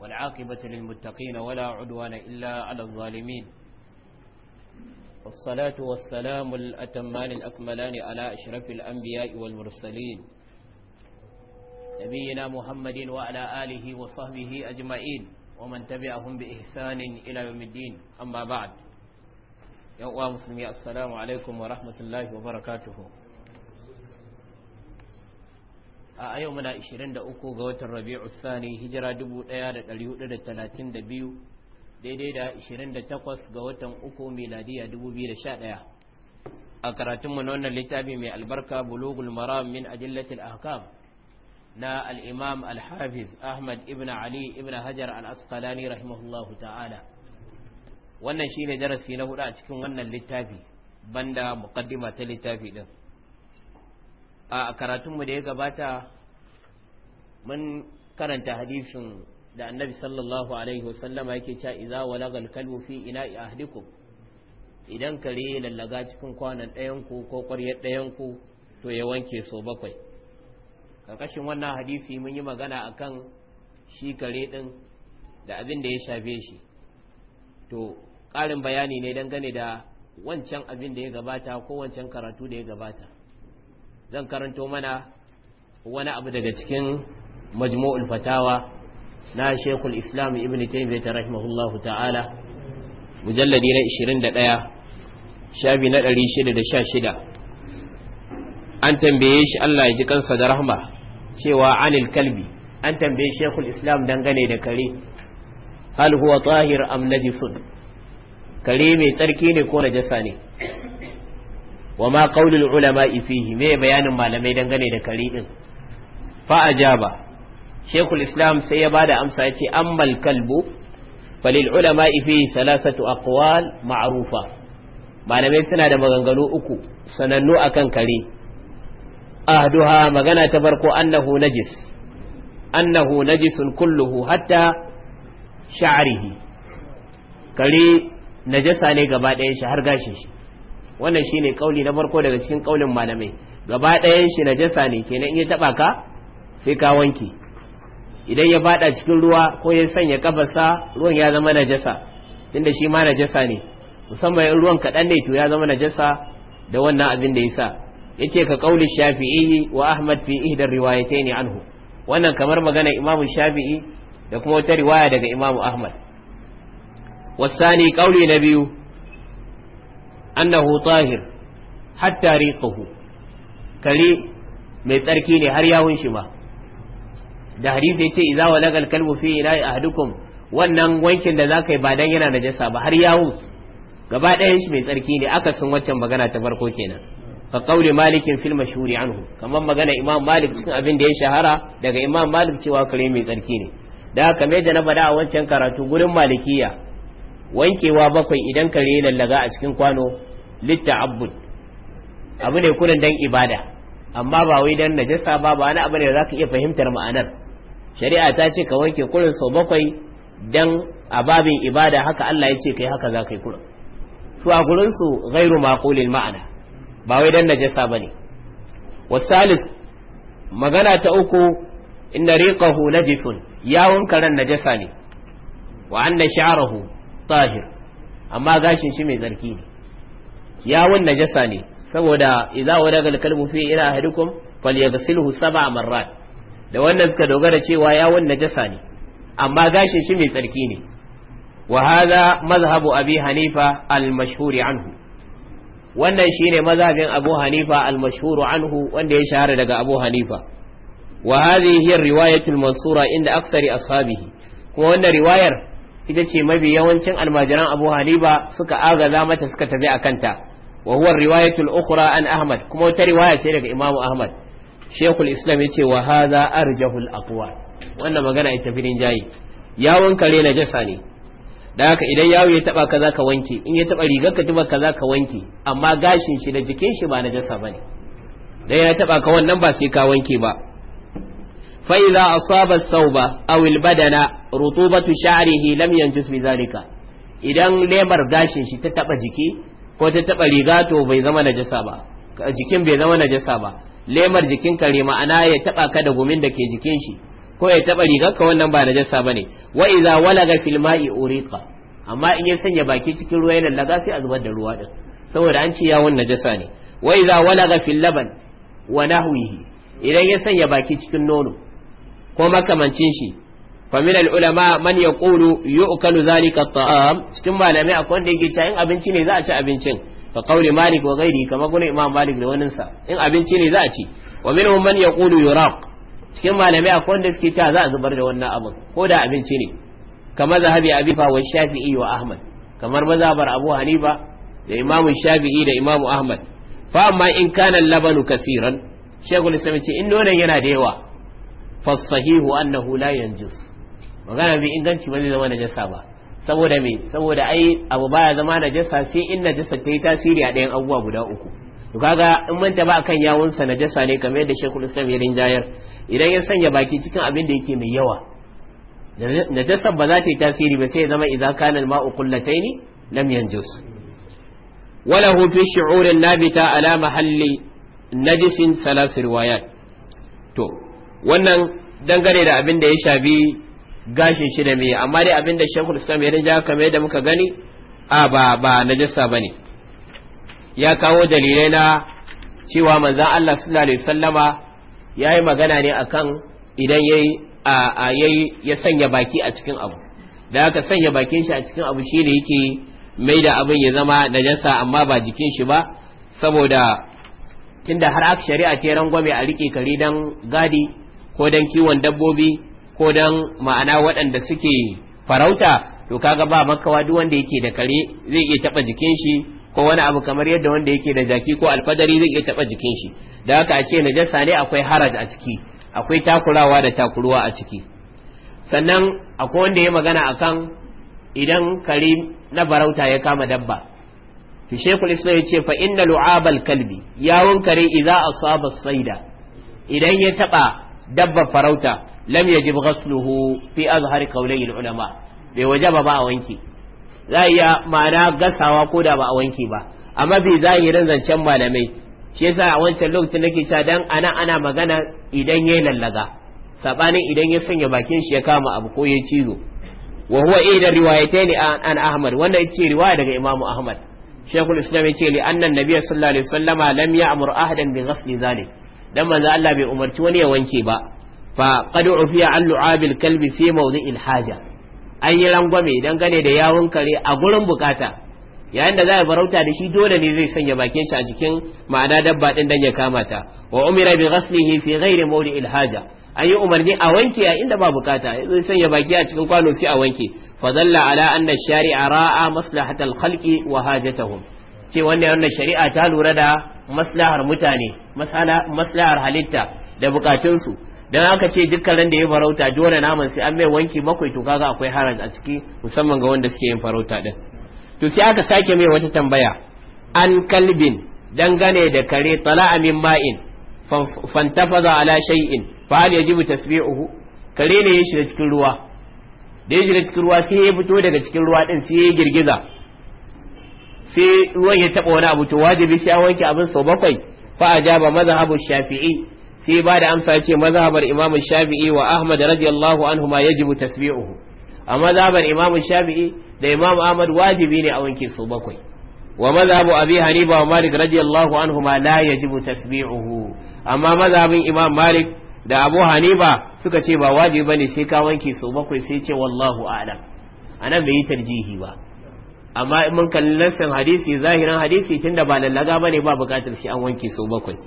والعاقبة للمتقين ولا عدوان إلا على الظالمين والصلاة والسلام الأتمان الأكملان على أشرف الأنبياء والمرسلين نبينا محمد وعلى آله وصحبه أجمعين ومن تبعهم بإحسان إلى يوم الدين أما بعد يا مسلمي السلام عليكم ورحمة الله وبركاته a yau muna 23 ga watan rabi'u sani hijira 1432 daidai da 28 ga watan uku miladiya 2011 a karatunmu na wannan littafi mai albarka bulugul maram min ajillatil ahkam na al-imam ahmad ibn ali ibn hajar al-asqalani rahimahullahu ta'ala wannan shine darasi na hudu a cikin wannan littafi banda muqaddima ta littafi din a karatunmu da ya gabata mun karanta hadisin da annabi sallallahu alaihi wasallama yake cewa idza walagal kalbu fi ina'i ahdikum idan kare ya lallaga cikin kwanan ɗayan ku ko ƙwaryar ɗayan ku to ya wanke so bakwai karkashin wannan hadisi mun yi magana akan shi kare ɗin da abin da ya shafe shi to ƙarin bayani ne dangane da wancan abin da ya gabata ko wancan karatu da ya gabata zan karanto mana wani abu daga cikin majmu'ul fatawa na shekul islam ibn taimiyya rahimahullahu ta'ala mujalladi na 21 shabi na 616 an tambaye shi Allah ya ji kansa da rahma cewa anil kalbi an tambaye shekul islam dangane da kare hal huwa tahir am najisun kare mai tsarki ne ko najasa ne wa ma qaulul ulama fihi me bayanin malamai dangane da kare din fa ajaba shekul islam sai ya bada amsa ya ce ammal kalbu falil ulama fihi salasatu aqwal ma'rufa malamai suna da maganganu uku sanannu akan kare ahduha magana ta farko annahu najis annahu najisun kulluhu hatta sha'rihi kare najasa ne gaba ɗayan shi har gashin shi wannan shine kauli na farko daga cikin kaulin malamai gaba ɗayan shi najasa ne kenan in ya taba ka sai ka wanke idan ya faɗa cikin ruwa ko ya sanya kafarsa ruwan ya zama najasa tunda shi ma najasa ne musamman in ruwan kaɗan ne to ya zama najasa da wannan abin da ya sa. Ya ce ka kauli shafi'i wa ahmad fi ihdar ne anhu wannan kamar magana imamu shafi'i da kuma wata riwaya daga imamu ahmad wasani kauli na biyu annahu tahir hatta riqahu kare mai tsarki ne har yawun shi ma da hadisi yace idza walaga al-kalbu fi ila'i ahadukum wannan wankin da zaka yi ba dan yana najasa ba har yawun gaba ɗayan shi mai tsarki ne aka sun waccan magana ta farko kenan ka kauli malikin fil mashhuri anhu kamar magana imam malik cikin abin da ya shahara daga imam malik cewa kare mai tsarki ne da haka da na faɗa a wancan karatu gurin malikiya wankewa bakwai idan kare lallaga a cikin kwano litta'abbud abu ne kunan dan ibada amma ba wai dan najasa ba ba wani abu ne da zaka iya fahimtar ma'anar shari'a ta ce ka wanke kurin sau bakwai dan ababin ibada haka Allah ya ce kai haka za ka yi kurin su a gurin su gairu maqulil ma'ana ba wai dan najasa bane wasalis magana ta uku inna riqahu najisun yawon karan najasa ne wa anna sha'ruhu tahir amma gashin shi mai tsarki ne yawun najasa ne saboda idza wadaga al-kalbu fi ila ahadikum falyaghsilhu sab'a marrat da wannan suka dogara cewa yawun najasa ne amma gashin shi mai tsarki ne wa hadha mazhabu abi hanifa al-mashhur anhu wannan shine mazhabin abu hanifa al-mashhur anhu wanda ya shahara daga abu hanifa wa hadhihi hiya riwayatu mansura inda aksari ashabihi kuma wannan riwayar ita ce mafi yawancin almajiran abu hanifa suka agaza mata suka tafi a kanta wa huwa riwayatul ukhra an ahmad kuma wata riwaya ce daga imamu ahmad shaykhul islam ya ce wa hadha arjahul aqwa wannan magana ita filin jayi yawon kare na jasa ne da haka idan yawo ya taba kaza ka wanke in ya taba rigar ka tuba kaza ka wanke amma gashin shi da jikin shi ba na jasa bane dan ya taba ka wannan ba sai ka wanke ba Fa'iza idza sauba aw al rutubatu sha'rihi lam yanjus idan lemar gashin shi ta taba jiki ko ta taba riga to bai zama najasa ba jikin bai zama najasa ba lemar jikin kare ma'ana ya taba ka da gumin da ke jikin shi ko ya taba rigar ka wannan ba najasa bane wa idza walaga fil ma'i uriqa amma in ya sanya baki cikin ruwa yana laga sai a da ruwa saboda an ne wa idan ya sanya baki cikin nono ko makamancin shi famin al'ulama man ya ƙulu yi ukalu zalika ta'am cikin malami akwai wanda yake cewa in abinci ne za a ci abincin ka kauli malik wa gairi kamar gurin imam malik da sa in abinci ne za a ci wa min man ya ƙulu yuraq cikin malami akwai wanda suke cewa za a zubar da wannan abin ko da abinci ne kamar zahabi abifa wa shafi'i wa ahmad kamar mazhabar abu hanifa da imamu shafi'i da imamu ahmad fa amma in kana labanu kasiran shegul islam ce in nonon yana da yawa fasahihu annahu la yanjus magana mai inganci ba zai zama najasa ba saboda me saboda ai abu baya zama najasa sai in najasa ta yi tasiri a ɗayan abubuwa guda uku to kaga in manta ba akan yawun sa najasa ne kamar yadda Sheikhul Islam ya rinjayar idan ya sanya baki cikin abin da yake mai yawa najasa ba za ta yi tasiri ba sai ya zama idza kana al-ma'u qullataini lam yanjus وله في شعور نابتة على محل نجس ثلاث روايات تو wannan dangane da abin da ya shafi gashin shi da me amma dai abin da shekul islam ya rinja kamar yadda muka gani a ba ba najasa ne ya kawo dalilai na cewa manzan Allah sallallahu alaihi ya yi magana ne akan idan ya yi ya sanya baki a cikin abu da aka sanya bakin shi a cikin abu shi ne yake mai da abin ya zama najasa amma ba jikin shi ba saboda tunda har aka shari'a ta rangwame a rike kare dan gadi ko dan kiwon dabbobi ko dan ma'ana waɗanda suke farauta to kaga ba makawa duk wanda yake da kare zai iya taba jikin shi ko wani abu kamar yadda wanda yake da jaki ko alfadari zai iya taba jikin shi da haka a ce najasa ne akwai haraj a ciki akwai takurawa da takuruwa a ciki sannan akwai wanda ya magana akan idan kare na farauta ya kama dabba to shekul islam ya ce fa inna lu'abal kalbi yawon kare idza asaba saida idan ya taɓa. dabba farauta lam yajib ghasluhu fi azhar qawlayil ulama bai wajaba ba a wanke za iya ma'ana gasawa ko da ba a wanke ba amma bai zahirin zancen malamai shi yasa a wancan lokacin nake cewa dan ana ana magana idan yayi lallaga sabanin idan ya sanya bakin shi ya kama abu ko ya cizo wa huwa ida riwayatayn an ahmad wannan ce riwaya daga Imam ahmad shaykhul islam ce li anna nabiyyu sallallahu alaihi wasallama lam ya'mur ahadan bi ghasli zalik dan manzo Allah bai umarci wani ya wanke ba fa qad ufiya an lu'abil kalbi fi mawdi'il haja an yi rangwame dangane da yawun kare a gurin bukata yayin da za a farauta da shi dole ne zai sanya bakin shi a jikin ma'ana dabba din dan ya kama ta wa umira bi ghaslihi fi ghairi mawdi'il haja an yi umarni a wanke a inda ba bukata zai sanya baki a cikin kwano sai a wanke fa dalla ala anna shari'a ra'a maslahatal khalqi wa hajatahum ce wannan wannan shari'a ta lura da maslahar mutane maslahar halitta da bukatunsu dan aka ce dukkan ran da ya farauta dole naman sai an mai wanki bakwai to kaga akwai haraj a ciki musamman ga wanda suke yin farauta din to sai aka sake mai wata tambaya an kalbin dangane da kare tala'a min ma'in fantafaza ala shay'in fa hal yajibu tasbi'uhu kare ne ya shiga cikin ruwa da ya shiga cikin ruwa sai ya fito daga cikin ruwa din sai ya girgiza sai ruwan ya taba wani abu to wajibi sai an wanke abin sau bakwai fa ajaba mazhabu shafi'i sai ba da amsa ce mazhabar imamu shafi'i wa ahmad radiyallahu anhu ma yajibu tasbi'uhu a mazhabar imamu shafi'i da imam ahmad wajibi ne a wanke sau bakwai wa mazhabu abi hanifa wa malik radiyallahu anhu ma la yajibu tasbi'uhu amma mazhabin imam malik da abu hanifa suka ce ba wajibi bane sai ka wanke sau bakwai sai ce wallahu a'lam anan bai yi tarjihi ba amma in mun kalli nassin hadisi zahirin hadisi tunda ba lallaga bane ba bukatar shi an wanke so bakwai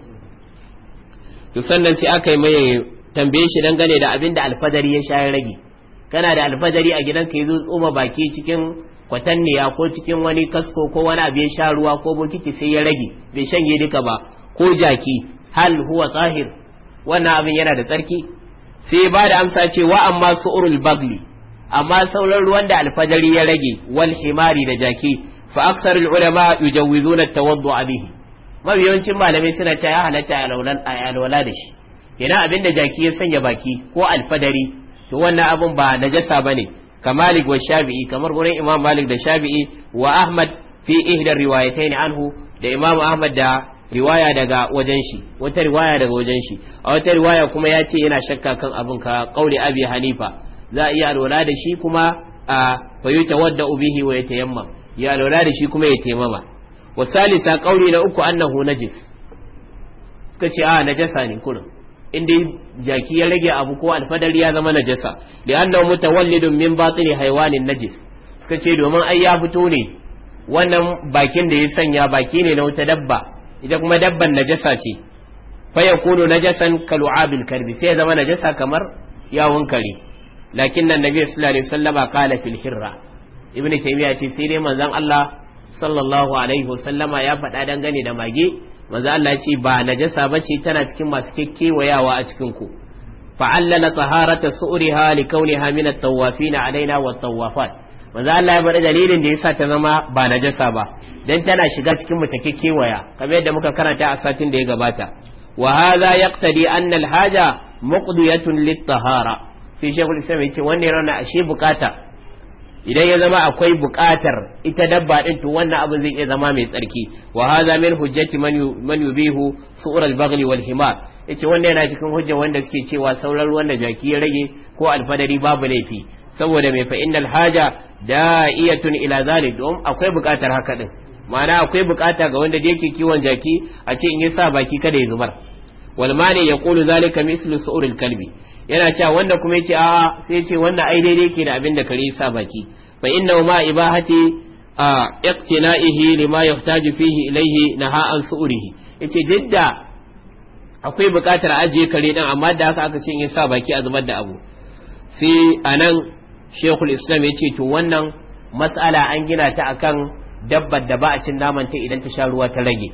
to sannan sai aka yi mai tambaye shi dangane da abin da alfadari ya shayar rage kana da alfadari a gidanka yazo tsoma baki cikin kwatanniya ko cikin wani kasko ko wani abu ya sha ruwa ko bokiti sai ya rage bai shanye duka ba ko jaki hal huwa zahir wannan abin yana da tsarki sai ba da amsa cewa amma amma su'urul bagli amma sauran ruwan da alfajari ya rage wal himari da jaki fa aksarul ulama yujawizuna tawaddu bihi mabiyancin malamai suna cewa ya halatta alwala da shi Idan abin da jaki ya sanya baki ko alfadari to wannan abin ba najasa bane kamalik wa shafi'i kamar gurin imam malik da shafi'i wa ahmad fi ihda riwayatayn anhu da imam ahmad da riwaya daga wajen shi wata riwaya daga wajen shi a wata riwaya kuma ya ce yana shakka kan abin ka kauli abi hanifa za a iya lura da shi kuma a fayuta wadda ubihi wa yatayammam ya lura da shi kuma ya taimama wa salisa kauri na uku annahu najis suka ce a najasa ne kurin inda jaki ya rage abu ko alfadar ya zama najasa li'annahu mutawallidun min batini haiwanin najis suka ce domin ai ya fito ne wannan bakin da ya sanya baki ne na wata dabba ita kuma dabban najasa ce fa yakunu najasan kalu'abil karbi sai ya zama najasa kamar yawon kare lakin nan nabi sallallahu alaihi wasallama qala fil hirra ibnu taymiya ce sai dai manzon Allah sallallahu alaihi wasallama ya faɗa dangane da mage Manzan Allah ce ba najasa bace tana cikin masu kekkewayawa a cikin ku fa'allala taharata su'riha li kauniha min at-tawafin alaina wa tawafat Manzan Allah ya bada dalilin da yasa ta zama ba najasa ba dan tana shiga cikin mutake ta kekkewaya kamar yadda muka karanta a satin da ya gabata wa hadha yaqtadi anna al-haja muqdiyatun lit-tahara sai shekul islam ya ce wannan ranar ashe bukata idan ya zama akwai bukatar ita dabba din to wannan abin zai iya zama mai tsarki wa hadha min hujjati man yubihu su'ur al-baghli wal himar yace wannan yana cikin hujja wanda suke cewa sauran ruwan da jaki ya rage ko alfadari babu laifi saboda mai fa innal haja da'iyatun ila zalik don akwai bukatar haka din ma'ana akwai bukata ga wanda da yake kiwon jaki a ce in ya sa baki kada ya zubar wal mani yaqulu zalika mislu al kalbi yana cewa wanda kuma yake a'a sai ce wannan ai daidai ke da abin da kare sa baki fa inna ma ibahati a iqtina'ihi lima yahtaju fihi ilayhi naha an su'urihi yace didda akwai buƙatar ajiye kare din amma da haka aka ce in sa baki a zubar da abu sai anan shekul islam ya ce to wannan mas'ala an gina ta akan dabbar da ba a cin namanta idan ta sha ruwa ta rage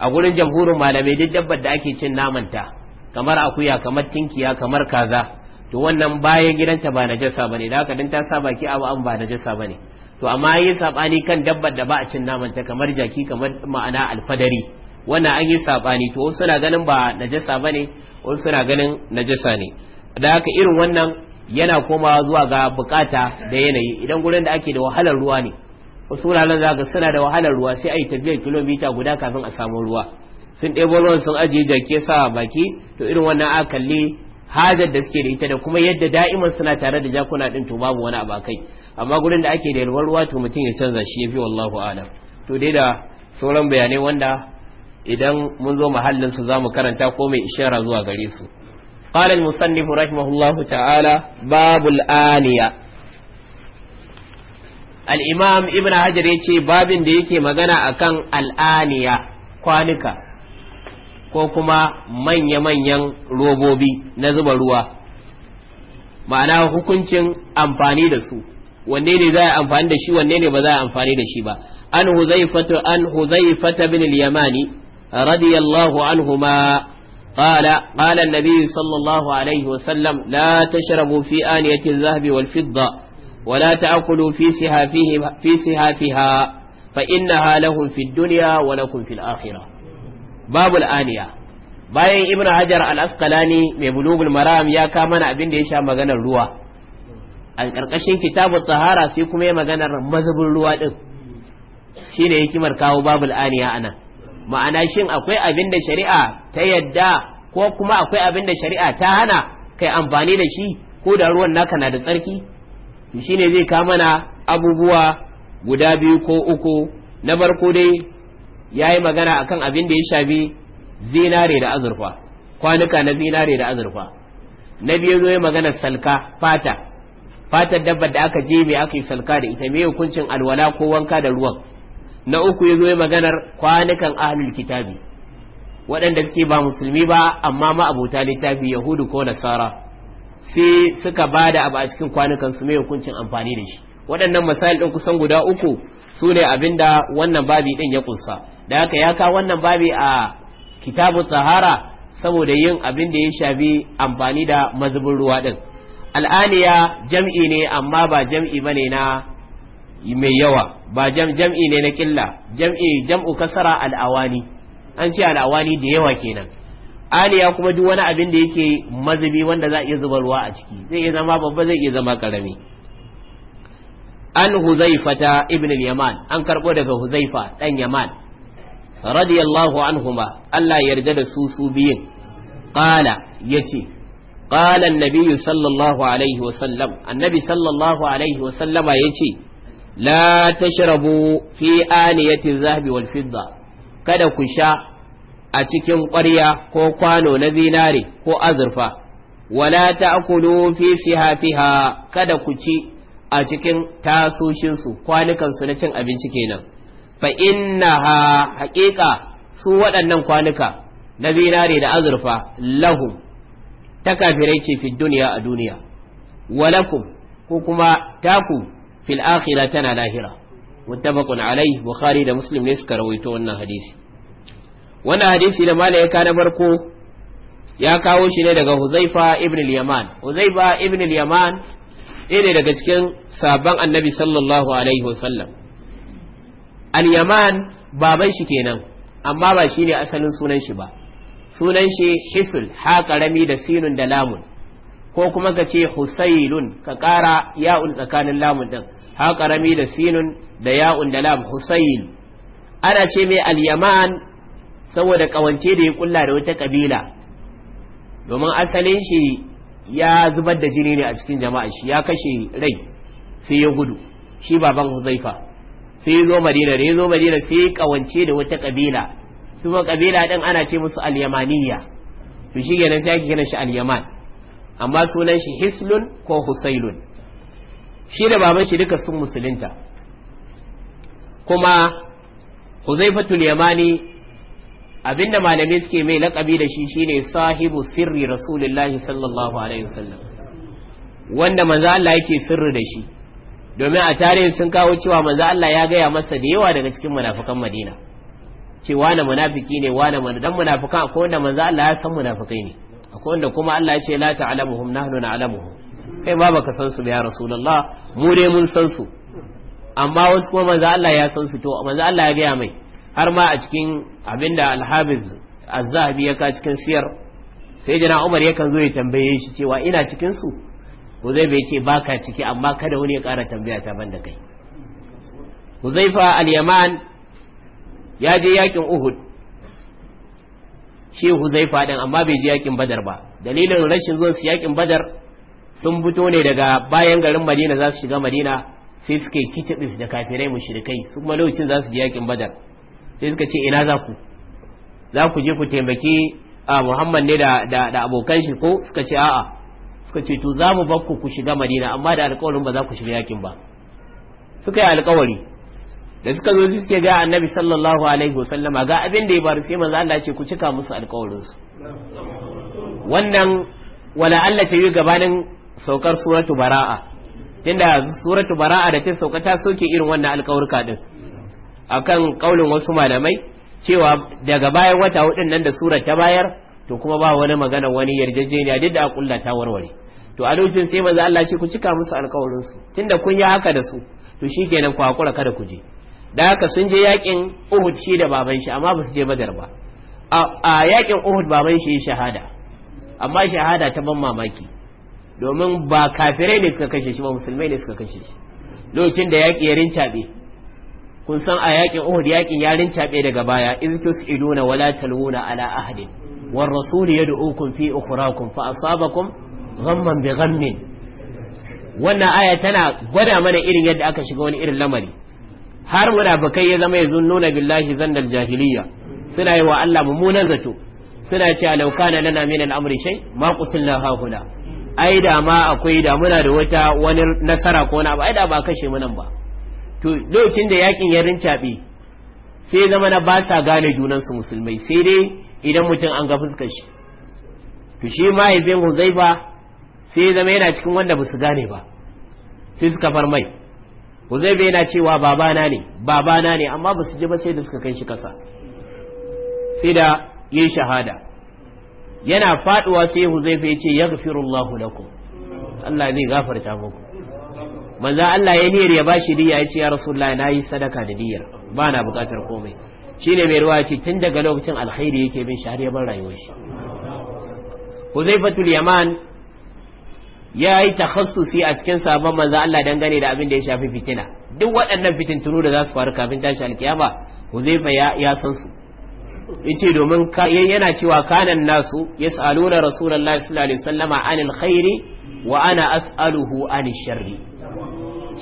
a gurin jamhurin malamai duk dabbar da ake cin namanta kamar akuya kamar tinkiya kamar kaza to wannan bayan gidanta ba najasa bane da haka dan ta sa baki abu an ba najasa bane to amma yi sabani kan dabbar da ba a cin naman ta kamar jaki kamar ma'ana alfadari wannan an yi sabani to wasu suna ganin ba najasa bane wasu suna ganin najasa ne da haka irin wannan yana komawa zuwa ga bukata da yanayi idan gurin da ake da wahalar ruwa ne wasu wuraren za suna da wahalar ruwa sai a yi tafiyar kilomita guda kafin a samu ruwa sun ɗebo ruwan sun ajiye jake sa baki to irin wannan a kalli hajar da suke da ita da kuma yadda da'iman suna tare da jakuna ɗin to babu wani abakai amma gurin da ake da yalwar ruwa to mutum ya canza shi ya fi wallahu alam to dai da sauran bayanai wanda idan mun zo mahallin su zamu karanta ko mai ishara zuwa gare su قال المصنف رحمه الله تعالى باب الآنية الإمام ابن حجر يتي باب ديكي مغنى أكن الآنية kwanuka ko kuma manya-manyan robobi na zuba ruwa ma'ana hukuncin amfani da su wanne ne za a amfani da shi wanne ne ba za a amfani da shi ba an huzaifatu an huzaifata bin al-yamani radiyallahu anhuma قال قال النبي صلى الله عليه وسلم لا تشربوا في آنية الذهب والفضة ولا تأكلوا fa سهافه في سهافها فإنها لهم wa الدنيا ولكم في الآخرة babul aniya bayan ibn hajar al-asqalani mai bulugul maram ya kama na abin da ya sha maganar ruwa a ƙarƙashin kitabut tahara sai kuma ya maganar mazubin ruwa din shine hikimar kawo babul aniya ana ma'ana shin akwai abin da shari'a ta yadda ko kuma akwai abin da shari'a ta hana kai amfani da shi ko da ruwan naka na da tsarki shine zai kama na abubuwa guda biyu ko uku na barko dai ya yi magana akan abin da ya shafi zinare da azurfa kwanuka na zinare da azurfa na biyu zo maganar salka fata fatar dabbar da aka je mai aka yi salka da ita mai hukuncin alwala ko wanka da ruwan na uku ya zo maganar kwanukan ahlul kitabi waɗanda suke ba musulmi ba amma ma abota littafi yahudu ko nasara sai suka ba da abu a cikin kwanukan su mai hukuncin amfani da shi waɗannan misali ɗin kusan guda uku su ne abin da wannan babi ɗin ya ƙunsa. da haka ya kawo wannan babi a kitabu tsahara saboda yin abin da ya shafi amfani da mazubin ruwa din al'aniya jam'i ne amma ba jam'i ne na mai yawa ba jam'i ne na killa jam'i jam'u kasara al'awani an ce al'awani da yawa kenan aliya kuma duk wani abin da yake mazubi wanda za a iya zuba ruwa a ciki zai iya zama babba zai iya zama karami an huzaifata ibn yaman an karbo daga huzaifa dan yaman radiyallahu anhuma Allah yarda da su su biyin qala yace qala an-nabi sallallahu alaihi wa sallam annabi sallallahu alaihi wa sallama yace la tashrabu fi aniyati zahabi wal kada ku sha a cikin ƙwarya ko kwano na zinare ko azurfa wala ta'kulu fi sihafiha kada ku ci a cikin tasoshinsu kwanukansu na cin abinci kenan Fa'inna innaha haƙiƙa su waɗannan kwanuka na zinare da azurfa lahum ta kafirai ce fi duniya a duniya walakum ko kuma taku fil akhira tana lahira muttafaqun alai bukhari da muslim ne suka rawaito wannan hadisi wannan hadisi da malai ka na barko ya kawo shi ne daga huzaifa ibn al-yaman huzaifa ibn al-yaman ne daga cikin sabon annabi sallallahu alaihi wasallam al-yaman baban shi kenan amma ba shi ne asalin sunan shi ba sunan shi hisul ha karami da sinun da lamun ko kuma ka ce husailun ka kara ya'un tsakanin lamun din ha karami da sinun da ya'un da lam husail ana ce mai al-yaman saboda kawance da ya kulla da wata kabila domin asalin shi ya zubar da jini ne a cikin jama'a shi ya kashe rai sai ya gudu shi baban huzaifa sai zo madina da zo madina sai ya kawance da wata kabila su kabila din ana ce musu alyamaniya to shi kenan sai kiran shi alyaman amma sunan shi hislun ko husailun shi da baban shi duka sun musulunta kuma huzaifatul yamani abinda malamai suke mai lakabi da shi shine sahibu sirri rasulullahi sallallahu alaihi wasallam wanda manzo Allah yake sirri da shi domin a tarihin sun kawo cewa manzo Allah ya gaya masa da yawa daga cikin munafikan Madina cewa na munafiki ne wa na dan munafikan akwai wanda manzo Allah ya san munafikai ne akwai wanda kuma Allah ya ce la ta'lamuhum nahnu na'lamuhum kai ma baka san su ya rasulullah mu dai mun san su amma wasu kuma manzo Allah ya san su to manzo Allah ya gaya mai har ma a cikin abinda al-Hafiz az-Zahabi ya ka cikin siyar sai jana Umar yakan zo ya tambaye shi cewa ina cikin su huzaifa ya ce baka ciki amma kada wani ya ƙara tambaya ta ban da kai huzaifa al-yaman ya je yakin uhud shi huzaifa ɗin amma bai je yakin badar ba dalilin rashin zuwan su yakin badar sun fito ne daga bayan garin madina za su shiga madina sai suka yi kicibis da kafirai mushrikai su kuma lokacin za su je yakin badar sai suka ce ina za ku za ku je ku taimaki a muhammad ne da abokan shi ko suka ce a'a suka ce to za mu bakku ku shiga madina amma da alkawarin ba za ku shiga yakin ba suka yi alkawari da suka zo suke ga annabi sallallahu alaihi wasallama ga abin da ya faru sai manzo Allah ce ku cika musu alkawarin su wannan wala Allah ta yi gabanin saukar suratu bara'a tunda suratu bara'a da ta sauka ta soke irin wannan alkawarka din akan kaulin wasu malamai cewa daga bayan wata hudun nan da surar ta bayar to kuma ba wani magana wani yarjejeniya duk da a kullata ta warware to a lokacin sai maza Allah ce ku cika musu alkawarin su tunda kun yi haka da su to shi kenan ku hakura kada ku je da haka sun je yakin Uhud shi da baban shi amma ba su je Badar ba a yakin Uhud baban shi shahada amma shahada ta ban mamaki domin ba kafirai ne suka kashe shi ba musulmai ne suka kashe shi lokacin da yaki ya rincabe kun san a yakin Uhud yakin ya rincabe daga baya in tusiduna wala talwuna ala ahadin war rasul yad'ukum fi ukhrakum fa asabakum ghamman bi ghammin wannan aya tana gwada mana irin yadda aka shiga wani irin lamari har bakai ya zama yanzu nuna billahi zannal jahiliya suna yi wa Allah mummunan zato suna ce a lauka lana min al-amri shay ma qutilna hauna ai da ma akwai da muna da wata wani nasara ko na ba ai da ba kashe mu nan ba to lokacin da yakin ya rincabe sai zama na ba sa gane junan su musulmai sai dai idan mutum an ga fuskar shi to shi ma ibn huzaifa sai ya zama yana cikin wanda ba su gane ba sai suka far mai Huzaifa yana cewa babana ne babana ne amma ba su ji ba sai da suka kai shi kasa sai da yin shahada yana faduwa sai Huzaifa ya ce yaghfirullahu ku Allah zai gafarta muku manza Allah ya niyar ya bashi diya ya ce ya na yi sadaka da diyar ba na bukatar komai shi ne mai ruwa ce tun daga lokacin alkhairi yake bin shahar ya bar rayuwar shi Huzaifatul Yaman ya yi takhassusi a cikin sabon manzo Allah dangane da abin da ya shafi fitina duk waɗannan fitintunu da za su faru kafin tashi alkiyama Huzaifa ya ya san su yace domin yana cewa kanan nasu yas'aluna rasulullahi sallallahu alaihi wasallama anil khairi wa ana as'aluhu anil sharri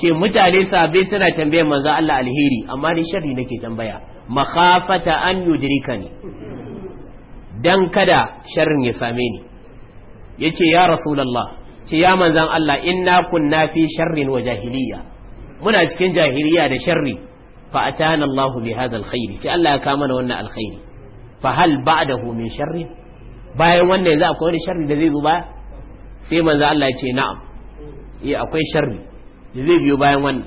ce mutane sabai suna tambayar manzo Allah alheri amma ni sharri nake tambaya makhafata an yudrikani dan kada sharrin ya same ni yace ya rasulullah ce ya manzan Allah inna kunna fi sharrin wa jahiliya muna cikin jahiliya da sharri fa atana Allah bi hadha alkhairi ce Allah ya kama mana wannan alkhairi fa hal ba'dahu min sharri bayan wannan yanzu akwai wani sharri da zai zo baya sai manzan Allah ya ce na'am eh akwai sharri da zai biyo bayan wannan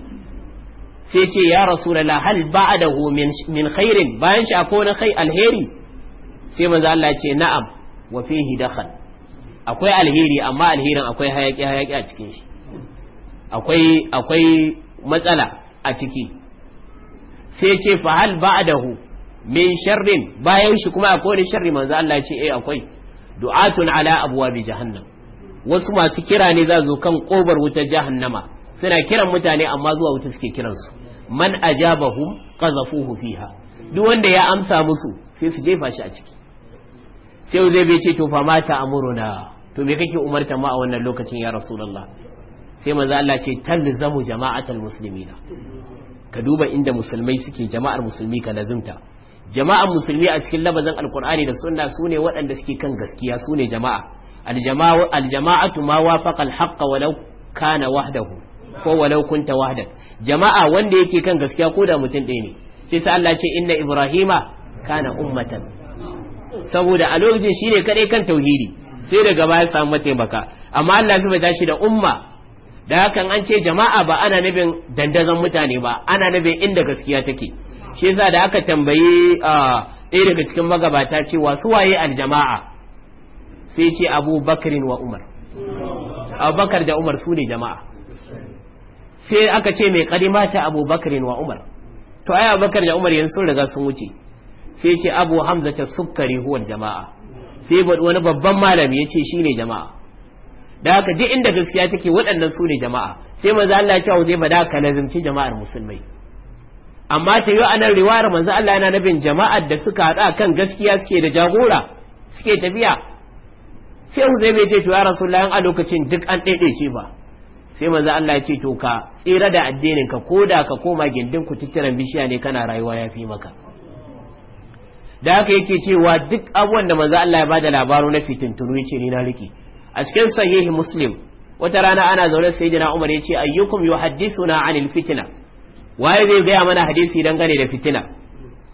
sai ce ya rasulullah hal ba'dahu min min khairin bayan shi akwai wani alheri sai manzan Allah ya ce na'am wa fihi dakhal akwai alheri amma alherin akwai hayaki hayaki a cikin shi akwai akwai matsala a ciki sai ce fa hal ba'dahu min sharrin bayan shi kuma akwai wani sharri manzo Allah ya ce eh akwai du'atun ala abwabi jahannam wasu masu kira ne za zo kan kobar wutar jahannama suna kiran mutane amma zuwa wuta suke kiransu man ajabahum qazafuhu fiha duk wanda ya amsa musu sai su jefa shi a ciki sai zai bai ce to fa mata amuruna to me kake umarta ma a wannan lokacin ya rasulullah sai manzo Allah ce talzamu jama'atal muslimina ka duba inda musulmai suke jama'ar musulmi ka lazimta jama'ar musulmi a cikin labazin alqur'ani da sunna sune waɗanda suke kan gaskiya sune jama'a aljama'u aljama'atu ma wafaqa alhaqqa walau kana wahdahu ko walau kunta wahdak jama'a wanda yake kan gaskiya ko da mutum ɗaya ne sai sai Allah ce inna ibrahima kana ummatan saboda a lokacin shine kadai kan tauhidi sai daga baya samu mataimaka amma Allah ya fita shi da umma da hakan an ce jama'a ba ana nabin dandazon mutane ba ana nabin inda gaskiya take shi yasa da aka tambayi ɗaya daga cikin magabata cewa su waye aljama'a sai ce Abu Bakrin wa Umar Abu Bakar da Umar su ne jama'a sai aka ce mai kadima ta Abu Bakrin wa Umar to ai Abu Bakar da Umar yanzu sun riga sun wuce sai ce Abu Hamza ta sukkari huwar jama'a sai wani babban malami ya ce shi ne jama'a da haka duk inda gaskiya take waɗannan su ne jama'a sai manzo Allah ya ce wa zai bada ka nazimci jama'ar musulmai amma ta yi anan riwayar manzo Allah yana nabin jama'ar da suka haɗa kan gaskiya suke da jagora suke tafiya sai zai ce to ya rasulullahi a lokacin duk an ɗaiɗaice ba sai manzo Allah ya ce to ka tsira da addinin ka ko da ka koma gindin ku tittiran bishiya ne kana rayuwa ya fi maka da haka yake cewa duk abubuwan da manzo Allah ya bada labaru na fitintunu yace ni na riki a cikin sahihi muslim wata rana ana zaune sayyidina umar yace ayyukum yuhaddithuna anil fitna waye zai gaya mana hadisi dan gane da fitina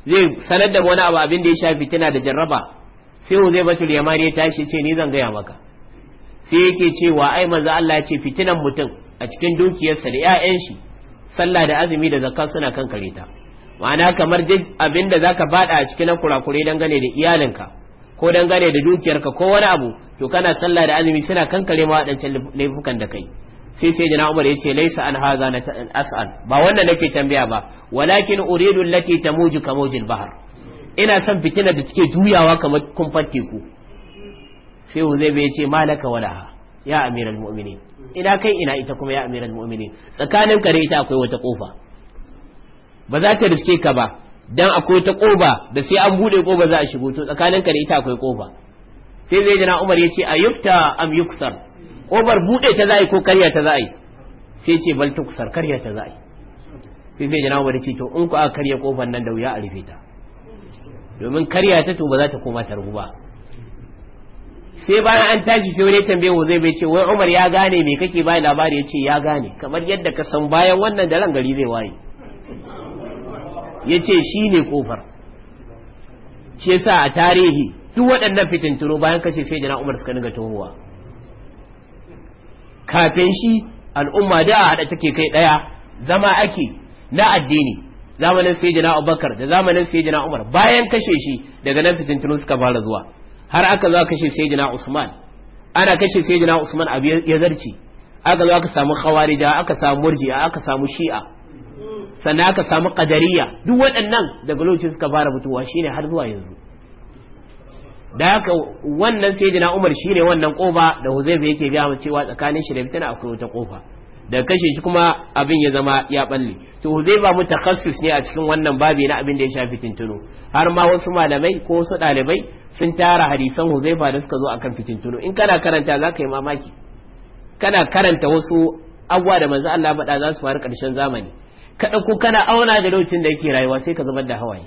zai sanar da wani abu abin da ya sha fitina da jarraba sai zai batul yamari ya tashi ce ni zan gaya maka sai yake cewa ai manzo Allah ya ce fitinan mutum a cikin dukiyarsa da 'ya'yan shi sallah da azumi da zakka suna kan kareta ma'ana kamar duk abin da zaka bada a cikin kurakurai dangane da iyalinka ko dangane da dukiyarka ko wani abu to kana sallah da azumi suna kankare ma waɗancan laifukan da kai sai sai jana umar yace laisa an haza na as'al ba wannan nake tambaya ba walakin uridu allati tamuju kamujil bahar ina son fitina da take juyawa kamar kumfar teku sai huzaifa yace malaka walaha ya amiral mu'minin ina kai ina ita kuma ya amiral mu'minin tsakanin kare ita akwai wata kofa ba za ta riske ka ba dan akwai ta koba da sai an bude koba za a shigo to tsakanin ka da ita akwai koba sai zai jana Umar ya ce a yufta am yuksar kobar bude ta za'i ko karya ta za'i sai ce bal tuksar karya ta za'i sai zai jana Umar ya ce to in ku aka karya kofar nan da wuya a rufe ta domin karya ta to ba za ta koma ta rubu ba sai bayan an tashi sai wani tambaye wa zai bai ce wai Umar ya gane me kake bai labari ya ce ya gane kamar yadda ka san bayan wannan da ran gari zai waye ya ce shi ne kofar shi yasa a tarihi duk waɗannan fitintunu bayan kashe sai jana umar suka niga tohuwa kafin shi al'umma da a haɗa take kai ɗaya zama ake na addini zamanin sai jana abubakar da zamanin sai jana umar bayan kashe shi daga nan fitintunu suka fara zuwa har aka zo kashe sai jana usman ana kashe sai jana usman abu ya zarci aka zo aka samu khawarija aka samu murji'a aka samu shi'a sannan aka samu kadariya duk waɗannan daga lokacin suka fara fitowa shine har zuwa yanzu da haka wannan sayyidina Umar shine wannan kofa da Huzaifa yake ga mu cewa tsakanin shi da fitina akwai wata kofa da kashe shi kuma abin ya zama ya balle to Huzaifa mutakassis ne a cikin wannan babi na abin da ya shafi tintuno har ma wasu malamai ko wasu ɗalibai sun tara hadisan Huzaifa da suka zo akan fitintuno in kana karanta zaka yi mamaki kana karanta wasu abuwa da manzo Allah faɗa za su faru ƙarshen zamani ka ɗauko kana auna da lokacin da yake rayuwa sai ka zubar da hawaye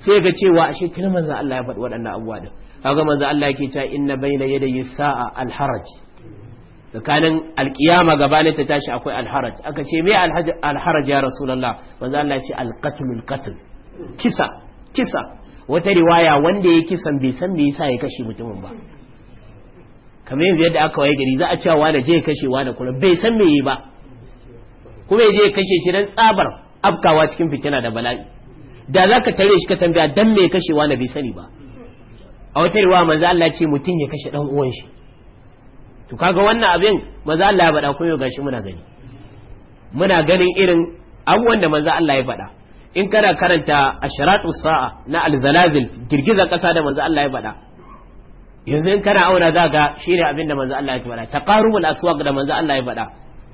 sai ga cewa ashe kina manzo Allah ya faɗi waɗannan abubuwa din kaga manzo Allah yake cewa inna baina yadayi sa'a alharaj tsakanin alkiyama ne ta tashi akwai alharaj aka ce me alharaj ya rasulullah manzo Allah ya ce kisa kisa wata riwaya wanda ya kisan bai san me yasa ya kashe mutumin ba kamar yadda aka waye gari za a cewa wani je kashe wani kuma bai san me yi ba kuma ya je kashe shi dan tsabar afkawa cikin fitina da bala'i da za ka tare shi ka tambaya dan me kashewa na bai sani ba a wata riwa manzo Allah ce mutum ya kashe dan uwan shi to kaga wannan abin manzo Allah ya faɗa kun yau gashi muna gani muna ganin irin abubuwan da manzo Allah ya faɗa in kana karanta asharatu sa'a na alzalazil girgiza kasa da manzo Allah ya faɗa yanzu in kana auna zaka shine abin da manzo Allah ya faɗa taqarubul aswaq da manzo Allah ya faɗa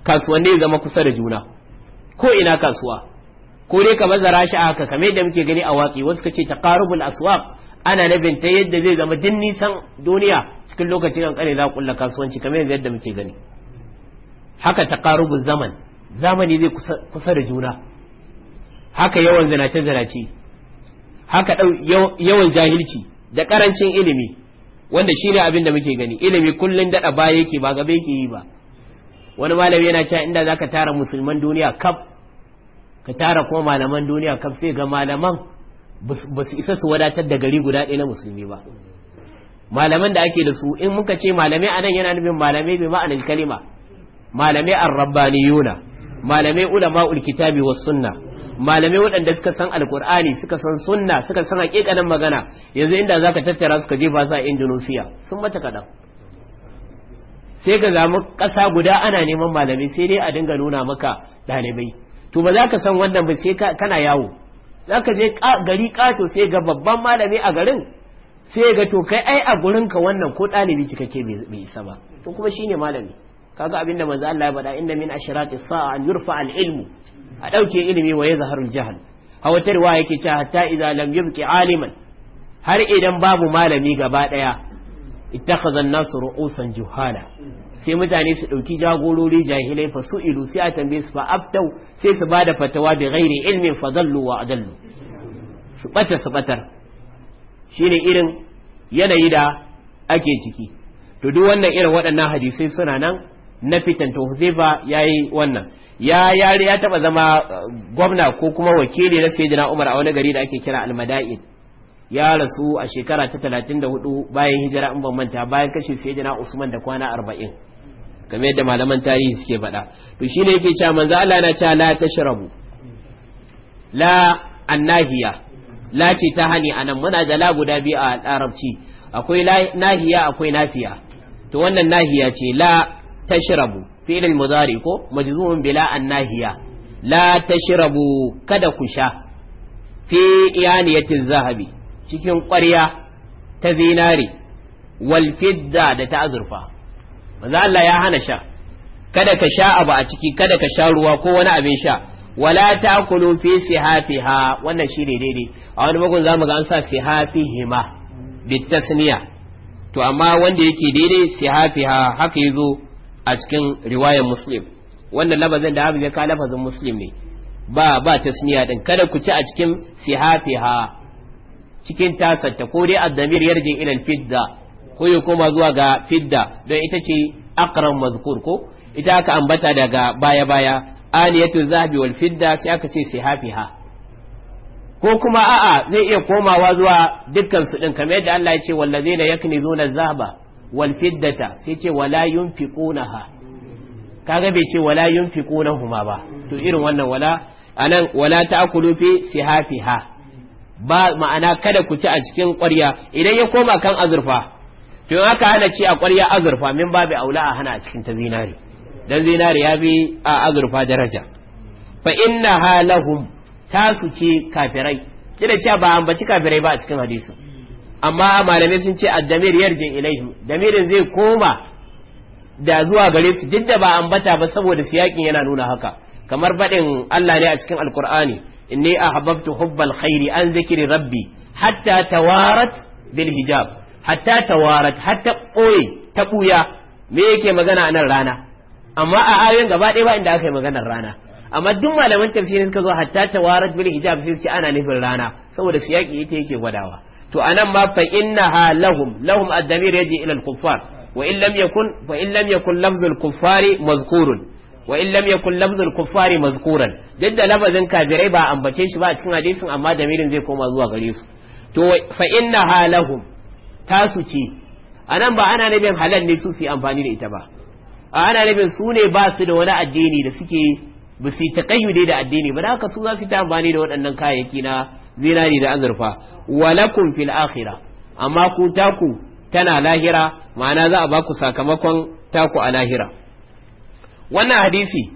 kasuwanni zama kusa da juna ko ina kasuwa ko dai ka mazara shi haka kamar yadda muke gani a waƙi wasu ka ce taqarubul aswaq ana nabin ta yadda zai zama din nisan duniya cikin lokacin kankare za kulla kasuwanci kamar yadda muke gani haka taqarubul zaman zamani zai kusa da juna haka yawan zinace zinace haka yawan jahilci da karancin ilimi wanda shi ne abin da muke gani ilimi kullum daɗa baya yake ba gaba yake yi ba wani malami yana cewa inda zaka tara musulman duniya kaf ka tara kuma malaman duniya kaf sai ga malaman ba su isa su wadatar da gari guda ɗaya na musulmi ba malaman da ake da su in muka ce malamai anan yana nufin malamai bai ma'anar kalima malamai arrabbaniyuna malamai ulama ulkitabi was sunna malamai waɗanda suka san alkur'ani suka san sunna suka san haƙiƙanin magana yanzu inda zaka tattara suka jefa su a indonesia sun mata kaɗan sai ga zamu ƙasa guda ana neman malamai sai dai a dinga nuna maka ɗalibai to ba za ka san wannan ba sai kana yawo za ka je gari ƙato sai ga babban malami a garin sai ga to kai ai a gurin ka wannan ko ɗalibi cikakke bai isa ba to kuma shine malami kaga abin da manzo Allah ya faɗa inna min ashrati sa'a an yurfa al ilmu a ɗauke ilimi wa yazharu al jahl hawatarwa yake cewa hatta idza lam yubqi aliman har idan babu malami gaba daya. ittakhadha an-nasu ru'usan juhala sai mutane su dauki jagorori jahilai fa su'ilu sai a tambaye su fa aftau sai su bada fatawa bi ghairi ilmin fa dallu wa adallu su bata su batar shine irin yanayi da ake ciki to duk wannan irin waɗannan hadisai suna nan na fitan to ya yayi wannan ya ya taba zama eh, gwamna ko kuma wakili na Sayyidina Umar a wani gari da ake kira Al-Mada'in ya rasu a shekara ta 34 bayan hijira in ban manta bayan kashe sayyidina Usman da kwana 40 kamar yadda malaman tarihi suke faɗa to shine yake cewa manzo Allah yana cewa la tashrabu la annahiya la ce ta hani anan muna da la guda biyu a larabci akwai nahiya akwai nafiya to wannan nahiya ce la tashrabu fi'il mudari ko majzumun bila annahiya la tashrabu kada ku sha fi iyaniyatin zahabi cikin ƙwarya ta zinari. WalFidda da ta azurfa maza Allah ya hana sha kada ka sha abu a ciki kada ka sha ruwa ko wani abin sha wala takulu fi ha. wannan shi ne daidai a wani za zamu ga an sa hima bitasniya to amma wanda yake daidai ha haka yazo a cikin riwayar muslim wannan labazin da Hafiz ya ka lafazin muslim ne ba ba tasniya din kada ku ci a cikin ha. cikin tasarta ko dai addamir yarjin ilal fidda ko ya koma zuwa ga fidda don ita ce akram mazkur ko ita aka ambata daga baya baya aniyatu zahabi wal fidda sai aka ce sihafiha ko kuma a'a zai iya komawa zuwa dukkan su din kamar yadda Allah ya ce wallazina yaknizuna zahaba wal fiddata sai ce wala yunfiqunaha kaga bai ce wala yunfiqunahuma ba to irin wannan wala anan wala ta'kulu fi sihafiha ba ma'ana kada ku ci a cikin ƙwarya idan ya koma kan azurfa to in aka hana ci a ƙwarya azurfa min babu aula a hana a cikin ta zinari dan zinari ya bi a azurfa daraja fa inna halahum tasu ci kafirai ci cewa ba baci kafirai ba a cikin hadisi amma malamai sun ce addamir yarjin ilaihi damirin zai koma da zuwa gare su duk da ba bata ba saboda siyakin yana nuna haka kamar baɗin Allah ne a cikin alkur'ani inni ahbabtu hubbal khairi an zikiri rabbi Hata tawarat bil hijab hatta tawarat hatta ɓoye ta me yake magana a nan rana amma a ayoyin gaba ɗaya ba inda aka yi maganar rana amma duk malaman tafsirin suka zo hatta tawarat bil hijab sai su ana nufin rana saboda siyaki ita yake gwadawa to anan ma fa innaha lahum lahum ad-damir yaji ila al-kuffar wa in lam yakun fa in lam yakun kuffari mazkurun wa in lam yakun lafzul kuffari mazkuran duk da lafazin kafirai ba ambace shi ba a cikin hadisin amma damirin zai koma zuwa gare su to fa inna halahum tasu ce anan ba ana nabin halal ne su su yi amfani da ita ba a ana nabin su ne ba su da wani addini da suke ba su yi da addini ba da haka su za su ta amfani da waɗannan kayayyaki na zinari da azurfa walakum fil akhirah amma ku taku tana lahira ma'ana za a ba ku sakamakon taku a lahira wannan hadisi